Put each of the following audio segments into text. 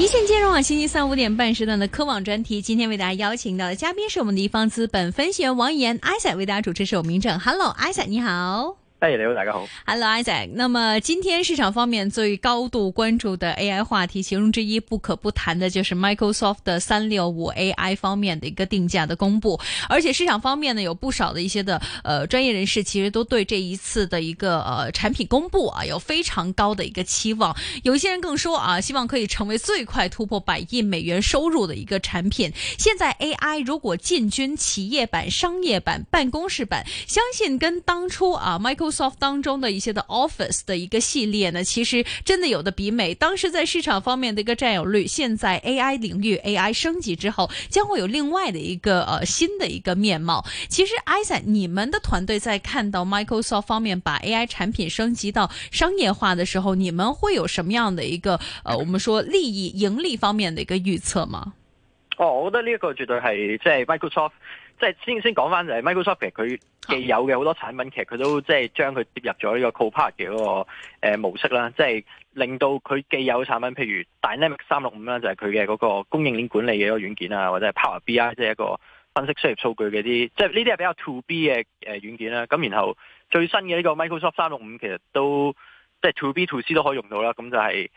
一線金融網星期三五點半時段的科網專題，今天為大家邀請到的嘉賓是我們的一方資本分析員王逸研，Isa，為大家主持是我們明正。 Hello，Isa，你好。大家好，Hello，Isaac。那麼今天市場方面最高度關注的 AI 話題，其中之一不可不談的就是 Microsoft 的365 AI 方面的一個定價的公布。而且市場方面呢，有不少的一些的呃專業人士，其實都對這一次的一個呃產品公布啊，有非常高的一個期望。有些人更說啊，希望可以成為最快突破百億美元收入的一個產品。現在 AI 如果進軍企業版、商業版、辦公室版，相信跟當初啊，Microsoft。Microsoft 當中的一些的 Office 的一個系列呢，其實真的有得比美。當時在市場方面的一個佔有率，現在 AI 領域 AI 升級之後，將會有另外的一個呃新的一個面貌。其實 Isaac 你們的團隊在看到 Microsoft 方面把 AI 產品升級到商業化的時候，你們會有什麼樣的一個呃我們說利益盈利方面的一個預測嗎？哦，我覺得呢個絕對係即係 Microsoft。即係先先講返就係 Microsoft 佢既有嘅好多產品其實佢都即係將佢接入咗呢個 Copilot 嘅嗰個模式啦，即係令到佢既有產品譬如 Dynamic 三六五啦，就係佢嘅嗰個供應鏈管理嘅一個軟件啊，或者 Power BI 即係一個分析商業數據嘅啲，即係呢啲係比較 To B 嘅誒軟件啦。咁然後最新嘅呢個 Microsoft 三六五其實都即係 To B To C 都可以用到啦。咁就係、係、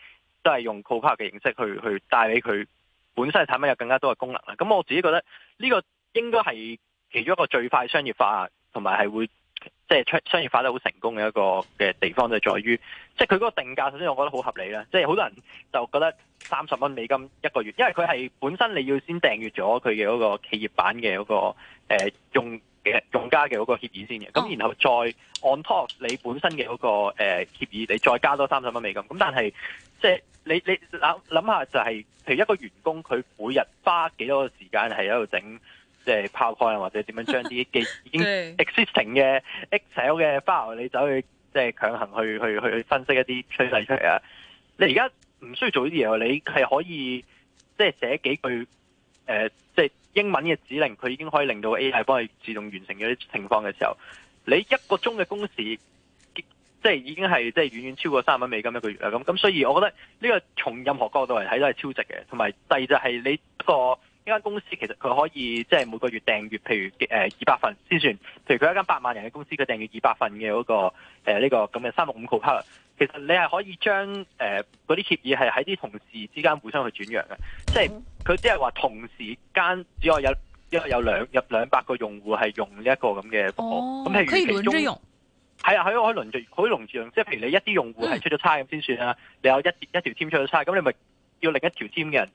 都係用 Copilot 嘅形式去去帶俾佢本身嘅產品有更加多嘅功能啦。咁我自己覺得呢、呢個。應該係其中一個最快商業化，同埋係會即係商業化得好成功嘅一個嘅地方，就係在於，即係佢嗰個定價，首先我覺得好合理啦。即係好多人就覺得三十蚊美金一個月，因為佢係本身你要先訂閲咗佢嘅嗰個企業版嘅嗰個呃用嘅用家嘅嗰個協議先嘅，咁然後再 on top 你本身嘅嗰個誒協議，你再加多三十蚊美金。咁但係即係你你諗諗下，就係譬如一個員工，佢每日花幾多個時間係喺度整？即係拋開啊，或者點樣將啲既已經 existing 嘅 Excel 嘅 file 你走去即係強行去去去分析一啲趨勢出嚟啊，你而家唔需要做呢啲嘢，你係可以即係寫幾句誒，即係英文嘅指令，佢已經可以令到 A.I. 幫你自動完成嗰啲情況嘅時候，你一個鐘嘅工時，即係已經係即係遠遠超過三十美金一個月啦。咁咁，所以我覺得呢個從任何角度嚟睇都係超值嘅。同埋，第二就係你一個。呢間公司其實佢可以即係每個月訂閱，譬如誒二百份先算。譬如佢一間八萬人嘅公司，佢訂閱二百份嘅嗰、那個呢、呃這個咁嘅三六五 Copilot 其實你係可以將誒嗰啲協議係喺啲同事之間互相去轉讓嘅，即係佢只係話同時間只係有有有兩入兩百個用戶係用呢一個咁嘅服務，咁、哦、係其中。哦、用。係啊，可以可以輪著，即係譬如你一啲用戶係出咗差咁先算啦、嗯，你有一一條簽出咗差，咁你咪要另一條簽嘅人。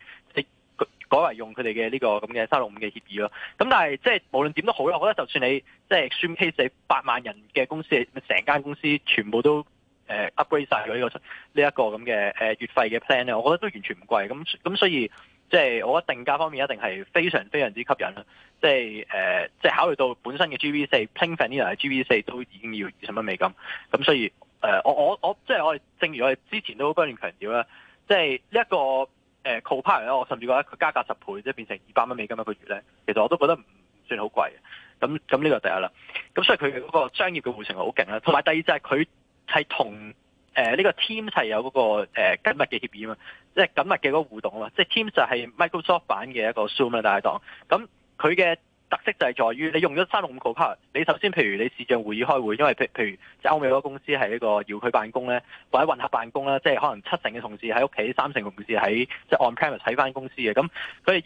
改為用佢哋嘅呢個咁嘅三六五嘅協議咯，咁但係即係無論點都好啦，我覺得就算你即係 extreme case 八萬人嘅公司，成間公司全部都誒 upgrade 晒佢呢個呢一個咁嘅誒月費嘅 plan 咧，我覺得都完全唔貴，咁咁所以即係我覺得定價方面一定係非常非常之吸引啦，即係誒即係考慮到本身嘅 g v 四 plain vanilla 嘅 g v 四都已經要二十蚊美金，咁所以誒我我我即係我哋，正如我哋之前都不斷強調啦，即係呢一個。誒 Copilot 咧，我甚至覺得佢加價十倍，即係變成二百蚊美金一個月咧，其實我都覺得唔算好貴嘅。咁咁呢個第一啦。咁所以佢嗰個商業嘅互成係好勁啦。同埋第二就係佢係同誒呢個 Teams 係有嗰、那個誒、呃、緊密嘅協議啊，即係緊密嘅嗰個互動啊。即係 Teams 就係 Microsoft 版嘅一個 Zoom 啦，大、嗯、堂。咁佢嘅特色就係在於你用咗三六五 Copilot 你首先譬如你視像會議開會，因為譬譬如即歐美嗰個公司係呢個遙距辦公咧，或者混合辦公啦，即、就、係、是、可能七成嘅同事喺屋企，三成同事喺即、就是、on campus 睇翻公司嘅，咁佢哋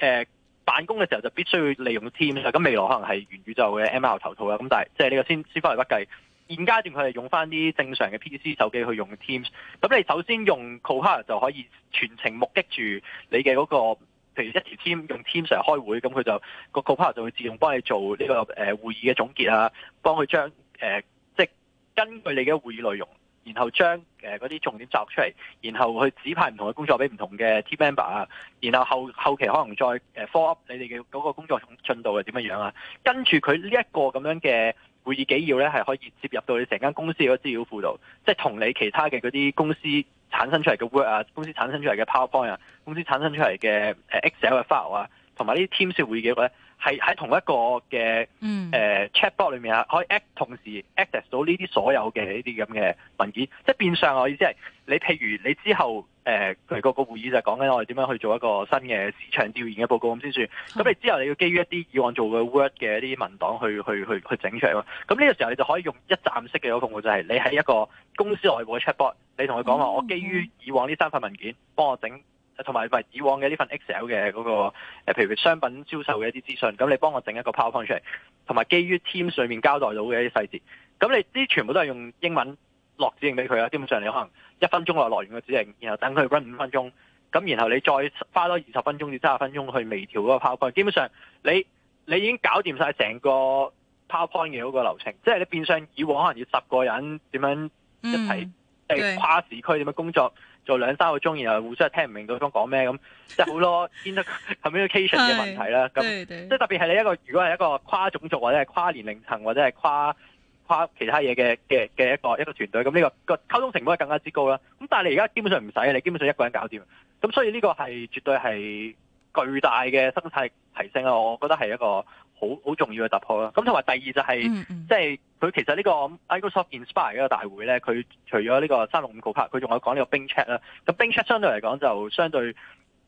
要誒辦公嘅時候就必須要利用 Teams，咁未來可能係元宇宙嘅 m l 頭套啦，咁但係即係呢個先先不嚟不計，現階段佢哋用翻啲正常嘅 PC 手機去用 Teams，咁你首先用 Copilot 就可以全程目擊住你嘅嗰、那個。譬如一條 Teams 用 Teams 上嚟開會，咁佢就、嗰個個 partner 就會自動幫你做呢、呢個誒、呃、會議嘅總結啊，幫佢將、呃、即係根據你嘅會議內容，然後將嗰啲重點集出嚟，然後去指派唔同嘅工作俾唔同嘅 team member 啊，然後後，後期可能再 follow 你哋嘅嗰個工作進度係點樣啊，跟住佢呢一個咁樣嘅會議紀要咧係可以接入到你成間公司嗰資料庫度，即係同你其他嘅嗰啲公司。產生出嚟嘅 word 啊，公司產生出嚟嘅 powerpoint 啊，公司產生出嚟嘅誒 excel 嘅 file 啊，同埋呢啲 Teams 說會議嘅咧。係喺同一個嘅、嗯呃、chatbot 裏面啊，可以同時 access 到呢啲所有嘅呢啲咁嘅文件，即係變相我意思係你譬如你之後誒誒個個會議就係講緊我哋點樣去做一個新嘅市場調研嘅報告咁先算，咁你之後你要基於一啲以往做嘅 word 嘅一啲文檔去去去去整出嚟咯，咁呢個時候你就可以用一站式嘅嗰個服務就係、係、你喺一個公司內部嘅 chatbot，你同佢講話我基於以往呢三份文件嗯嗯幫我整。同埋以往嘅呢份 Excel 嘅嗰個，譬如商品銷售嘅一啲資訊，咁你幫我整一個 PowerPoint 出嚟，同埋基於 Teams 上面交代到嘅一啲細節，咁你啲全部都係用英文落指令俾佢啊。基本上你可能一分鐘內落完個指令，然後等佢 run 五分鐘，咁然後你再花多二十分鐘至三十分鐘去微調嗰個 PowerPoint。基本上你你已經搞掂晒成個 PowerPoint 嘅嗰個流程，即係你變相以往可能要十個人點樣一齊跨時區點樣工作做兩三個鐘然後互相聽唔明對方講咩咁，即係好多 communication 嘅問題啦。咁即係特別係你一個，如果係一個跨種族或者係跨年齡層或者係跨跨其他嘢嘅嘅嘅一個一個團隊，咁呢個個溝通成本更加之高啦。咁但係你而家基本上唔使，你基本上一個人搞掂。咁所以呢個係絕對係。巨大嘅生產力提升啊，我覺得係一個好好重要嘅突破啦。咁同埋第二就係、是，mm -hmm. 即係佢其實呢、這個 Microsoft Inspire 一個大會咧，佢除咗呢個三六五 Copilot，佢仲有講呢個 Bing chat 啦。咁 Bing chat 相對嚟講就相對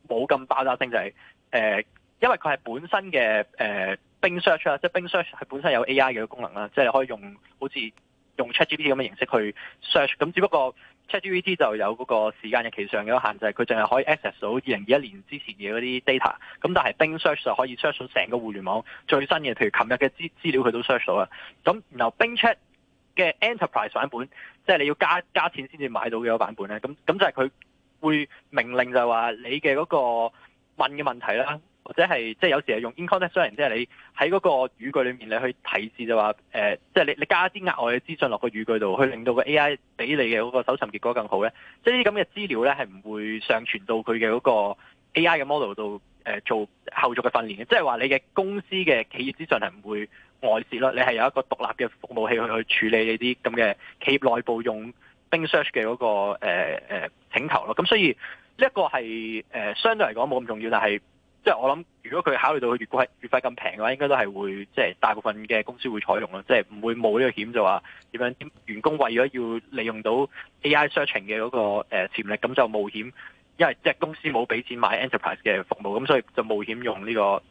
冇咁爆炸性，就係、是、誒、呃，因為佢係本身嘅誒 Bing search 啦，即係 Bing search 係本身有 AI 嘅功能啦，即係可以用好似用 ChatGPT 咁嘅形式去 search。咁只不過。ChatGPT 就有嗰個時間日期上嘅限制，佢淨係可以 access 到二零二一年之前嘅嗰啲 data。咁但係 Bing search 就可以 search 到成個互聯網最新嘅，譬如琴日嘅資料佢都 search 到啊。咁然後 Bing chat 嘅 enterprise 版本，即係你要加加錢先至買到嘅嗰版本咧。咁咁就係佢會命令就話你嘅嗰個問嘅問題啦。或者係即係有時係用 in-context learning 即係你喺嗰個語句裏面，你去提示、呃、就話、是、誒，即係你你加啲額外嘅資訊落個語句度，去令到個 A.I. 俾你嘅嗰個搜尋結果更好咧。即係啲咁嘅資料咧，係唔會上傳到佢嘅嗰個 A.I. 嘅 model 度誒、呃、做後續嘅訓練嘅。即係話你嘅公司嘅企業資訊係唔會外泄咯。你係有一個獨立嘅服務器去去處理你啲咁嘅企業內部用 bing search 嘅嗰個誒、呃、誒、呃、請求咯。咁所以呢一個係誒、呃、相對嚟講冇咁重要，但係，即係我諗，如果佢考慮到佢月費月費咁平嘅話，應該都係會即係大部分嘅公司會採用咯，即係唔會冇呢個險就話點樣啲員工為咗要利用到 AI searching 嘅嗰個誒潛力，咁就冒險，因為即係公司冇俾錢買 enterprise 嘅服務，咁所以就冒險用呢個誒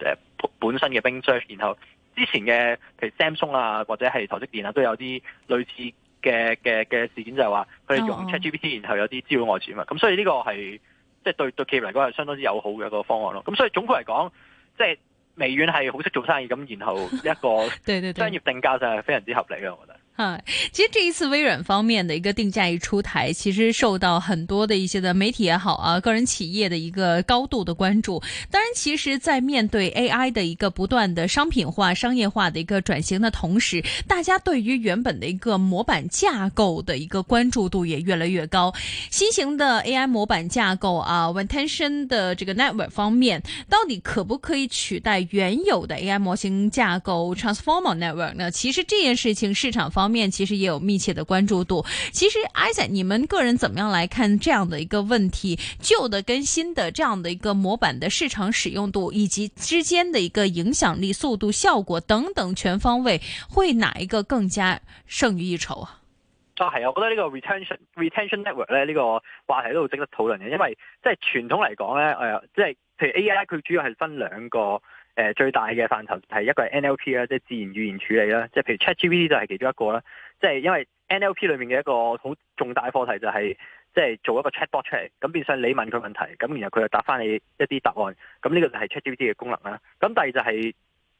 本身嘅 Bing search。然後之前嘅譬如 Samsung 啊，或者係台積電啊，都有啲類似嘅嘅嘅事件，就係話佢哋用 ChatGPT，然後有啲資料外傳啊，咁所以呢個係。即係對對企業嚟講係相當之友好嘅一個方案咯。咁所以總括嚟講，即係微軟係好識做生意咁，然後一個對對，商業定價就係非常之合理嘅， 我覺得。係，其實這一次微軟方面嘅一個定價一出台，其實受到很多的一些嘅媒體也好啊，個人企業嘅一個高度嘅關注。但其實，在面對 AI 的一個不斷的商品化、商業化的一個轉型的同時，大家對於原本的一個模板架構的一個關注度也越來越高。新型的 AI 模板架構啊 Attention 的這個 Network 方面，到底可不可以取代原有的 AI 模型架構 Transformer Network 呢？其實這件事情，市場方面其實也有密切的關注度。其實 i s a 你們個人怎麼樣來看這樣的一個問題？舊的跟新的這樣的一個模板的市場？使用度以及之間的一個影響力、速度、效果等等全方位，會哪一個更加勝於一籌啊？係、哦、啊，我覺得呢個 retention retention network 咧呢個話題都好值得討論嘅，因為即係傳統嚟講咧，誒、呃、即係譬如 A I 佢主要係分兩個誒、呃、最大嘅範疇係一個係 N L P 啦，即係自然語言處理啦，即係譬如 Chat G P T 就係其中一個啦，即係因為 N L P 裏面嘅一個好重大課題就係、是。即係做一個 chatbot 出嚟，咁變相你問佢問題，咁然後佢就答返你一啲答案，咁呢個就係 ChatGPT 嘅功能啦。咁第二就係、是、誒、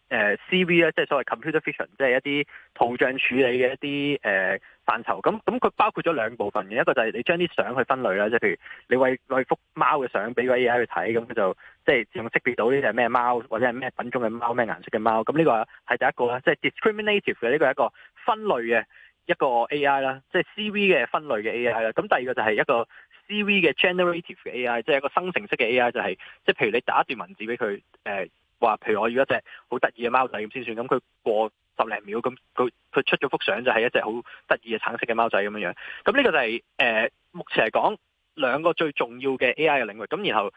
呃、CV 咧，即係所謂 computer vision，即係一啲圖像處理嘅一啲誒、呃、範疇。咁咁佢包括咗兩部分嘅，一個就係你將啲相去分類啦，即、就、係、是、譬如你為兩幅貓嘅相俾個 AI 去睇，咁佢就即係自動識別到呢隻咩貓，或者係咩品種嘅貓，咩顏色嘅貓。咁呢個係第一個啦，即、就、係、是、discriminative 嘅呢、這個係一個分類嘅。一個 AI 啦，即係 CV 嘅分類嘅 AI 啦。咁第二個就係一個 CV 嘅 generative 嘅 AI，即係一個生成式嘅 AI，就係即係譬如你打一段文字俾佢，誒、呃、話譬如我要一隻好得意嘅貓仔咁先算。咁佢過十零秒，咁佢佢出咗幅相就係一隻好得意嘅橙色嘅貓仔咁樣樣。咁呢個就係、是、誒、呃、目前嚟講兩個最重要嘅 AI 嘅領域。咁然後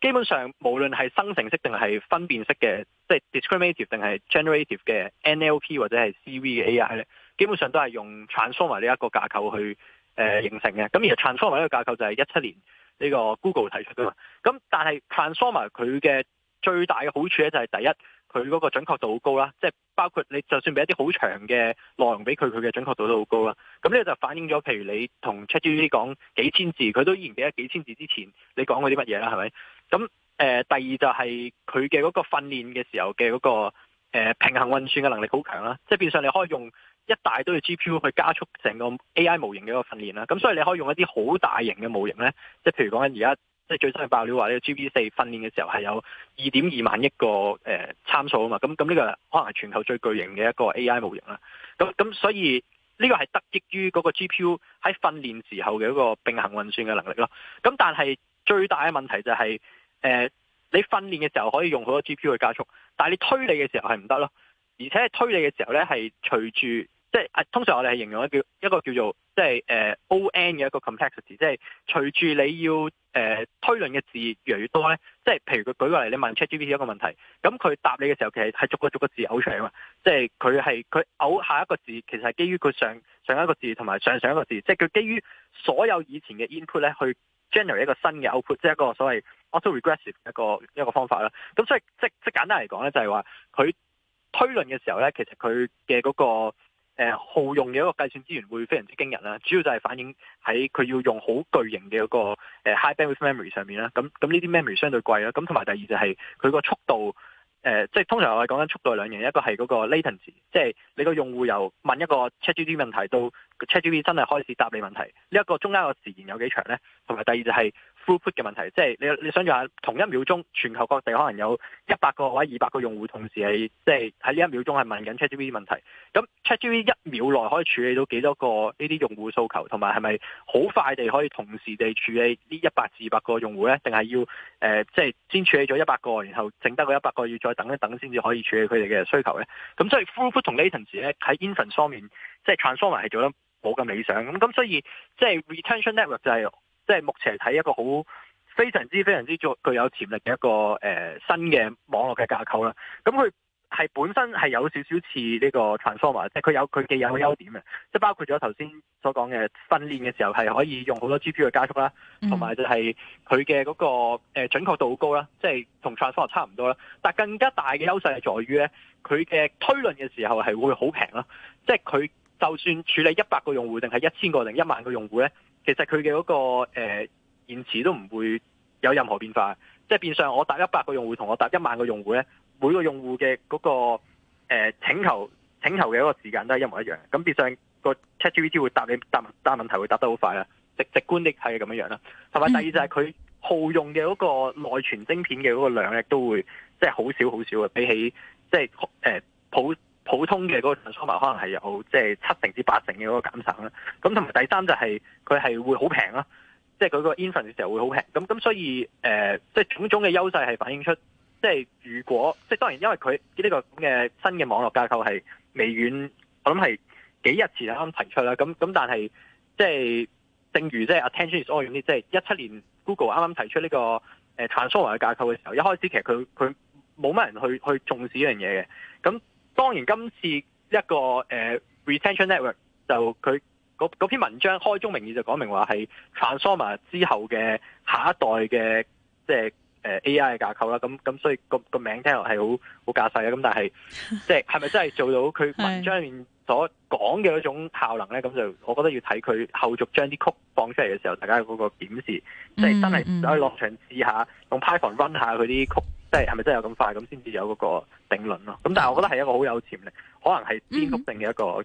基本上無論係生成式定係分辨式嘅，即、就、係、是、discriminative 定係 generative 嘅 NLP 或者係 CV 嘅 AI 咧。基本上都係用 Transformer 呢一個架構去誒、呃、形成嘅，咁而 Transformer 呢個架構就係一七年呢、這個 Google 提出嘅，咁但係 Transformer 佢嘅最大嘅好處咧就係第一，佢嗰個準確度好高啦，即、就、係、是、包括你就算俾一啲好長嘅內容俾佢，佢嘅準確度都好高啦。咁呢個就反映咗，譬如你同 ChatGPT 講幾千字，佢都依然記得幾千字之前你講過啲乜嘢啦，係咪？咁誒、呃、第二就係佢嘅嗰個訓練嘅時候嘅嗰、那個、呃、平衡運算嘅能力好強啦，即、就、係、是、變相你可以用。一大堆嘅 G P U 去加速成個 A I 模型嘅一個訓練啦，咁所以你可以用一啲好大型嘅模型咧，即係譬如講緊而家即係最新嘅爆料話呢個 G P 四訓練嘅時候係有二點二萬億個誒參數啊嘛，咁咁呢個可能係全球最巨型嘅一個 A I 模型啦，咁咁所以呢個係得益於嗰個 G P U 喺訓練時候嘅一個並行運算嘅能力咯，咁但係最大嘅問題就係、是、誒、呃、你訓練嘅時候可以用好多 G P U 去加速，但係你推理嘅時候係唔得咯。而且推理嘅時候咧，係隨住即係通常我哋係形容一叫一個叫做即係誒 O N 嘅一個 complexity，即係隨住你要誒、uh, 推論嘅字越嚟越多咧，即係譬如佢舉個例，你問 ChatGPT 一個問題，咁佢答你嘅時候其實係逐個逐個字嘔出嚟㗎嘛。即係佢係佢嘔下一個字，其實係基於佢上上一個字同埋上上一個字，即係佢基於所有以前嘅 input 咧去 generate 一個新嘅 output，即係一個所謂 auto-regressive 一個一個方法啦。咁所以即即、就是就是、簡單嚟講咧，就係話佢。推論嘅時候呢，其實佢嘅嗰個誒、呃、耗用嘅一個計算資源會非常之驚人啦。主要就係反映喺佢要用好巨型嘅嗰、那個、呃、High Bandwidth Memory 上面啦。咁咁呢啲 memory 相對貴啦。咁同埋第二就係佢個速度誒，即、呃、係、就是、通常我哋講緊速度兩樣，一個係嗰個 latency，即係你個用戶由問一個 ChatGPT 問題到 ChatGPT 真係開始答你問題，呢、這、一個中間個時延有幾長呢？同埋第二就係、是。throughput 嘅問題，即係你你想像下同一秒鐘全球各地可能有一百個或者二百個用戶同時係即係喺呢一秒鐘係問緊 ChatGPT 問題，咁 ChatGPT 一秒內可以處理到幾多個呢啲用戶訴求，同埋係咪好快地可以同時地處理呢一百至二百個用戶咧？定係要、呃、即係先處理咗一百個，然後剩得嗰一百個要再等一等先至可以處理佢哋嘅需求咧？咁所以 throughput 同 latency 咧喺 inference side 即係、就是、Transformer 係做得冇咁理想，咁咁所以即係 retention network 就係、是。即係目前睇一個好非常之非常之具有潛力嘅一個誒、呃、新嘅網絡嘅架構啦。咁佢係本身係有少少似呢個 Transformer，即係佢有佢嘅有個優點嘅，即係包括咗頭先所講嘅訓練嘅時候係可以用好多 GPU 嘅加速啦，同埋就係佢嘅嗰個誒準確度好高啦，即係同 Transformer 差唔多啦。但更加大嘅優勢係在於咧，佢嘅推論嘅時候係會好平啦，即係佢。就算處理一百個用戶，定係一千個，定一萬個用戶咧，其實佢嘅嗰個、呃、延遲都唔會有任何變化。即係變相我答一百個用戶同我答一萬個用戶咧，每個用戶嘅嗰個誒、呃、請求請求嘅個時間都係一模一樣。咁變相嗰個 ChatGPT 會答你答答問題會答得好快啦，直直觀的睇係咁樣樣啦。同埋第二就係佢耗用嘅嗰個內存晶片嘅嗰個量咧，都會即係好少好少嘅，比起即係誒、呃、普。普通嘅嗰個 Transformer，可能係有即係七成至八成嘅嗰個減省啦、啊。咁同埋第三就係佢係會好平啦，即係佢個 inference 嘅時候會好平。咁咁所以誒，即、呃、係、就是、種種嘅優勢係反映出，即、就、係、是、如果即係、就是、當然，因為佢呢個咁嘅新嘅網絡架構係微軟，我諗係幾日前啱啱提出啦。咁咁但係即係正如即係 attention e c o n o 即係一七年 Google 啱啱提出呢個誒 Transformer 嘅架構嘅時候，一開始其實佢佢冇乜人去去重視呢樣嘢嘅。咁。當然，今次一個、呃、retention network 就佢嗰篇文章開宗明義就講明話係 transformer 之後嘅下一代嘅即係、呃、AI 嘅架構啦。咁咁所以個個名聽落係好好架勢嘅。咁但係即係係咪真係做到佢文章入面所講嘅嗰種效能咧？咁 就我覺得要睇佢後續將啲 code 放出嚟嘅時候，大家嗰個檢視即係、就是、真係喺落場試下、mm -hmm. 用 Python run 下佢啲 code，即係係咪真係有咁快？咁先至有嗰、那個。定論咯，咁但係我覺得係一個好有潛力，可能係邊局定嘅一個。嗯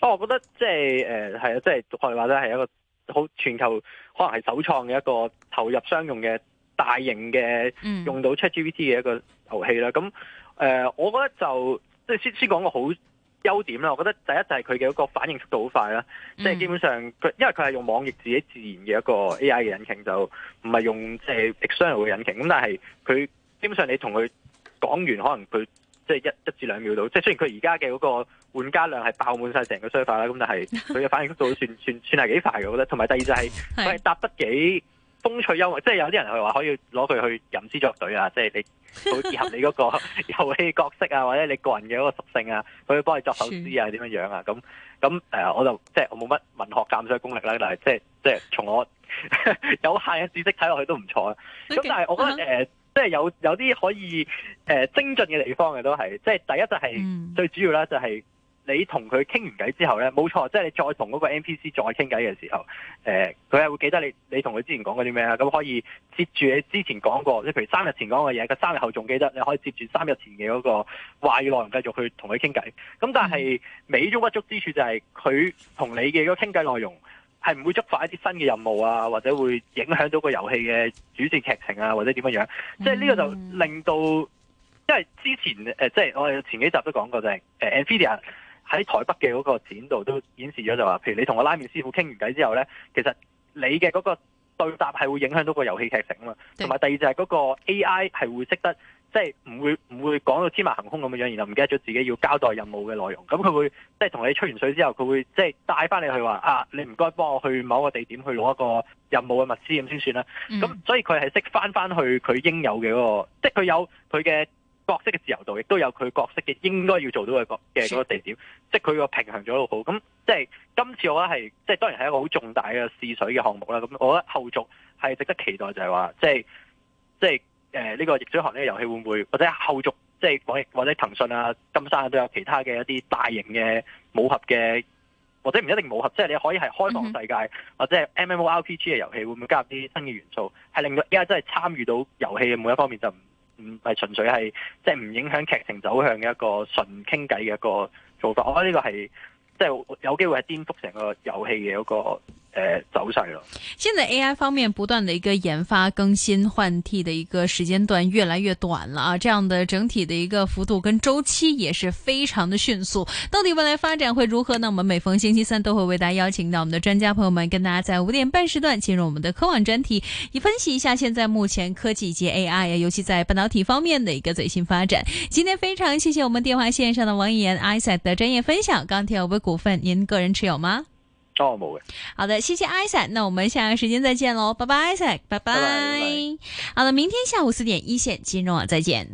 哦，我覺得即係誒係啊，即係話咧係一個好全球可能係首創嘅一個投入商用嘅大型嘅用到 ChatGPT 嘅一個遊戲啦。咁、嗯、誒、呃，我覺得就即係先先講個好優點啦。我覺得第一就係佢嘅一個反應速度好快啦。嗯、即係基本上佢因為佢係用網易自己自然嘅一個 AI 嘅引擎，就唔係用即係 Excel 嘅引擎。咁但係佢基本上你同佢講完，可能佢即係一一至兩秒到。即係雖然佢而家嘅嗰個，玩家量係爆滿晒成個商法啦，咁但係佢嘅反應速度算 算算係幾快嘅，我覺得。同埋第二就係佢係搭得幾風趣幽默，即係有啲人係話可以攞佢去吟詩作對啊，即係你好結合你嗰個遊戲角色啊，或者你個人嘅嗰個屬性啊，佢可以幫你作首詩啊，點樣樣啊，咁咁誒，我就即係我冇乜文學鑒賞功力啦，但係即係即係從我 有限嘅知識睇落去都唔錯咁、okay, 但係我覺得、uh -huh. 呃、即係有有啲可以誒、呃、精進嘅地方嘅都係，即係第一就係、是嗯、最主要啦，就係、是。你同佢傾完偈之後呢，冇錯，即係你再同嗰個 NPC 再傾偈嘅時候，誒、呃，佢係會記得你你同佢之前講過啲咩啊，咁可以接住你之前講過，即係譬如三日前講嘅嘢，佢三日後仲記得，你可以接住三日前嘅嗰個話語內容繼續去同佢傾偈。咁但係美中不足之處就係佢同你嘅傾偈內容係唔會觸發一啲新嘅任務啊，或者會影響到個遊戲嘅主線劇情啊，或者點樣樣。即係呢個就令到，因為之前誒即係，我哋前幾集都講過就係誒，NVIDIA 喺台北嘅嗰個展度都顯示咗就話，譬如你同個拉麵師傅傾完偈之後咧，其實你嘅嗰個對答係會影響到個遊戲劇情啊嘛。同埋第二就係嗰個 AI 係會識得，即係唔會唔會講到天馬行空咁嘅樣，然後唔記得咗自己要交代任務嘅內容。咁佢會即係同你吹完水之後，佢會即係帶翻你去話啊，你唔該幫我去某個地點去攞一個任務嘅物資咁先算啦。咁、嗯、所以佢係識翻翻去佢應有嘅嗰、嗰個，即係佢有佢嘅。角色嘅自由度亦都有佢角色嘅應該要做到嘅角嘅嗰個地點，即係佢個平衡咗好好。咁即係今次我覺得係即係當然係一個好重大嘅試水嘅項目啦。咁我覺得後續係值得期待就係話即係即係誒呢個逆水寒呢個遊戲會唔會或者後續即係網易或者騰訊啊、金山啊都有其他嘅一啲大型嘅武俠嘅或者唔一定武俠，即係你可以係開放世界、嗯、或者係 MMORPG 嘅遊戲會唔會加入啲新嘅元素，係令到而家真係參與到遊戲嘅每一方面就唔。唔係純粹係即係唔影響劇情走向嘅一個純傾偈嘅一個做法，我覺得呢個係即係有機會係顛覆成個遊戲嘅一個。誒，走勢了。現在 AI 方面不斷的一個研發、更新、換替的一個時間段越來越短了啊，這樣的整體的一個幅度跟週期也是非常的迅速。到底未來發展會如何呢？我們每逢星期三都會為大家邀請到我們的專家朋友們，跟大家在五點半時段進入我們的科網專題，以分析一下現在目前科技及 AI 啊，尤其在半導體方面的一個最新發展。今天非常謝謝我們電話線上的王逸研、Isat 的專業分享。鋼鐵有冇股份您個人持有嗎？好的，謝謝 Isaac，那我們下個時間再見嘍，拜拜，Isaac，拜拜。好了，明天下午四點，一綫金融網再見。